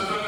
sa